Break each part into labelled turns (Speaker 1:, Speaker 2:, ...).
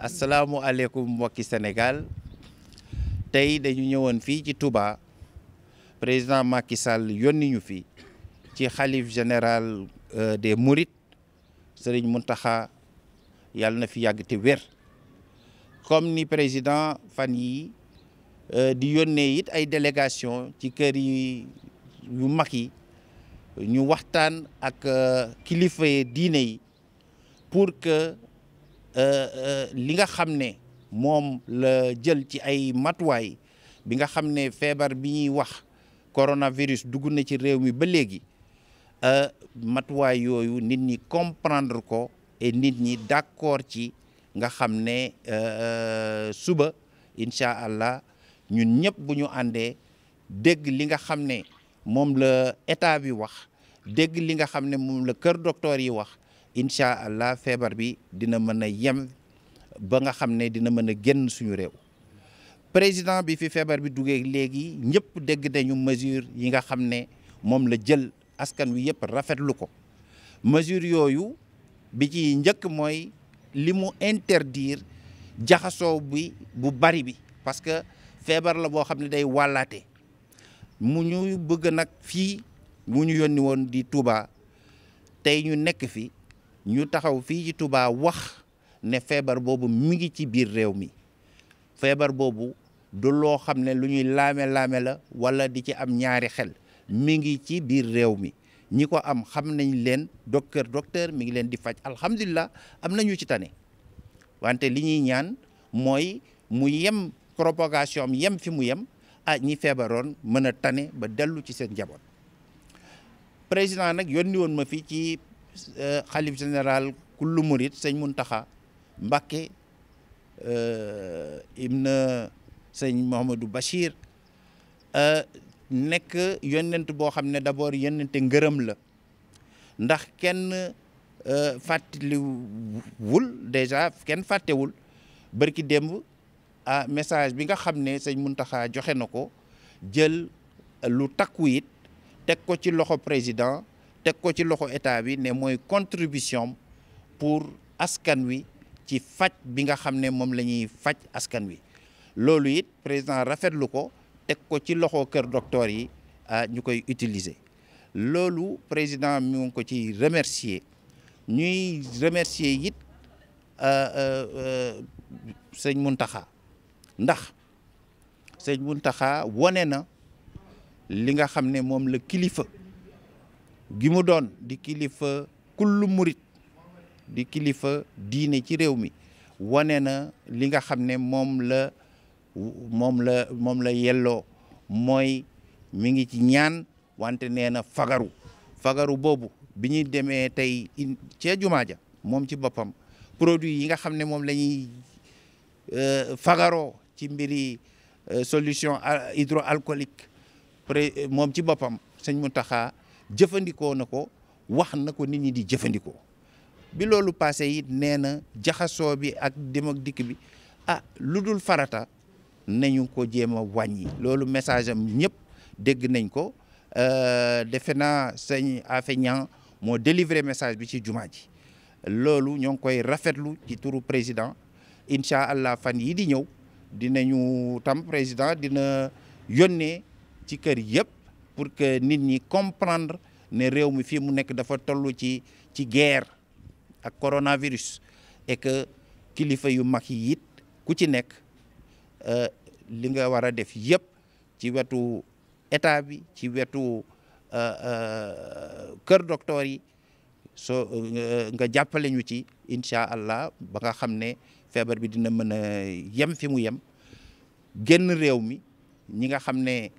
Speaker 1: asalaamualeykum mbokki Sénégal tey dañu ñëwoon fii ci Touba président Macky Sall yónni ñu fi ci xalif général euh, des Mourides mun taxa yàlla na fi yàgg te wér comme ni président fan yi euh, di yónnee it ay délégation ci kër yi yu mag yi ñu waxtaan ak euh, kilifa diine yi pour que Euh, euh, li nga xam ne moom la jël ci ay matuwaay bi nga xam ne feebar bi ñuy wax coronavirus dugg na ci réew mi ba léegi euh, matuwaay yooyu nit ñi comprendre ko et nit ñi d'accord ci nga xam ne suba incha allah ñun ñëpp bu ñu àndee dégg li nga xam ne moom la état bi wax dégg li nga xam ne moom la kër docteur yi wax incha allah feebar bi dina mën a yem ba nga xam ne dina mën a génn suñu réew président bi fi feebar bi duggee léegi ñëpp dégg nañu mesure yi nga xam ne moom la jël askan wi yëpp rafetlu ko mesure yooyu bi ci njëkk mooy li mu interdire jaxasoo bi bu bari bi parce que feebar la boo xam ne day wàllaate mu ñu bëgg nag fii mu ñu yónni woon di Touba tey ñu nekk fi ñu taxaw fii ci Touba wax ne feebar boobu mi ngi ci biir réew mi feebar boobu du loo xam ne lu ñuy laame-laame la wala di ci am ñaari xel mi ngi ci biir réew mi ñi ko am xam nañ leen docteur docteur mi ngi leen di faj alhamdulilah am na ñu ci tane wante li ñuy ñaan mooy mu yem propagation yem fi mu yem ah ñi feebaroon mën a tane ba dellu ci seen njaboot président nag yónni woon ma fii ci Euh, xalif général kullu murit sëñ Muntaxa Mbàkke euh, ibn sëñ Mouhamadou Bachir euh, nekk yonent boo xam ne d'abord yonente ngërëm la ndax kenn fàttaliwul déjà kenn fàttewul bërki démb ah message bi nga xam ne sëñ Muntaxa joxe na ko jël lu takku it teg ko ci loxo président teg ko ci loxo état bi ne mooy contribution pour askan wi ci faj bi nga xam ne moom la ñuy faj askan wi loolu it président rafetlu ko teg ko ci loxo kër docteur yi ah, ñu koy utiliser loolu président mi ko ci remercier ñuy remercier it ah, ah, sëñ Muntaxa ndax sëñ Muntaxa wone na li nga xam ne moom la kilifa gi mu doon di kilifa kullu murit di kilifa diine ci réew mi wane na li nga xam ne moom la moom la moom la yelloo mooy mi ngi ci ñaan wante nee na fagaru fagaru boobu bi ñuy demee tey cee jumaa ja moom ci boppam produit yi nga xam ne moom la ñuy euh, fagaroo ci mbiri euh, solution euh, hydroalcoolique pré moom ci boppam sëñ Mountakha jëfandikoo na ko wax na ko nit ñi di jëfandikoo bi loolu passé it nee na jaxasoo bi ak dem dikk bi ah lu dul farata nañu ko jéem a wàññi loolu message am ñëpp dégg nañ ko euh, defe na sëñ Afe Niang moo délivré message bi ci jumaa ji loolu ñoo ngi koy rafetlu ci turu président incha allah fan yii di ñëw dinañu tam président dina yónnee ci kër yëpp. pour que nit ñi comprendre ne réew mi fii mu nekk dafa tollu ci ci guerre ak coronavirus et que kilifa yu mag yi it ku ci nekk euh, li nga war a def yëpp ci wetu état bi ci wetu euh, euh, kër docteur yi soo nga jàppale ñu ci incha allah ba nga xam ne feebar bi dina mën a yem fi mu yem génn réew mi ñi nga xam ne.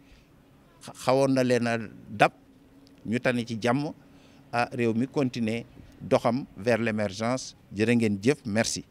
Speaker 1: xawoon na leen a dab ñu tane ci jàmm a ah, réew mi continuer doxam vers l'émergence jërë ngeen jëf merci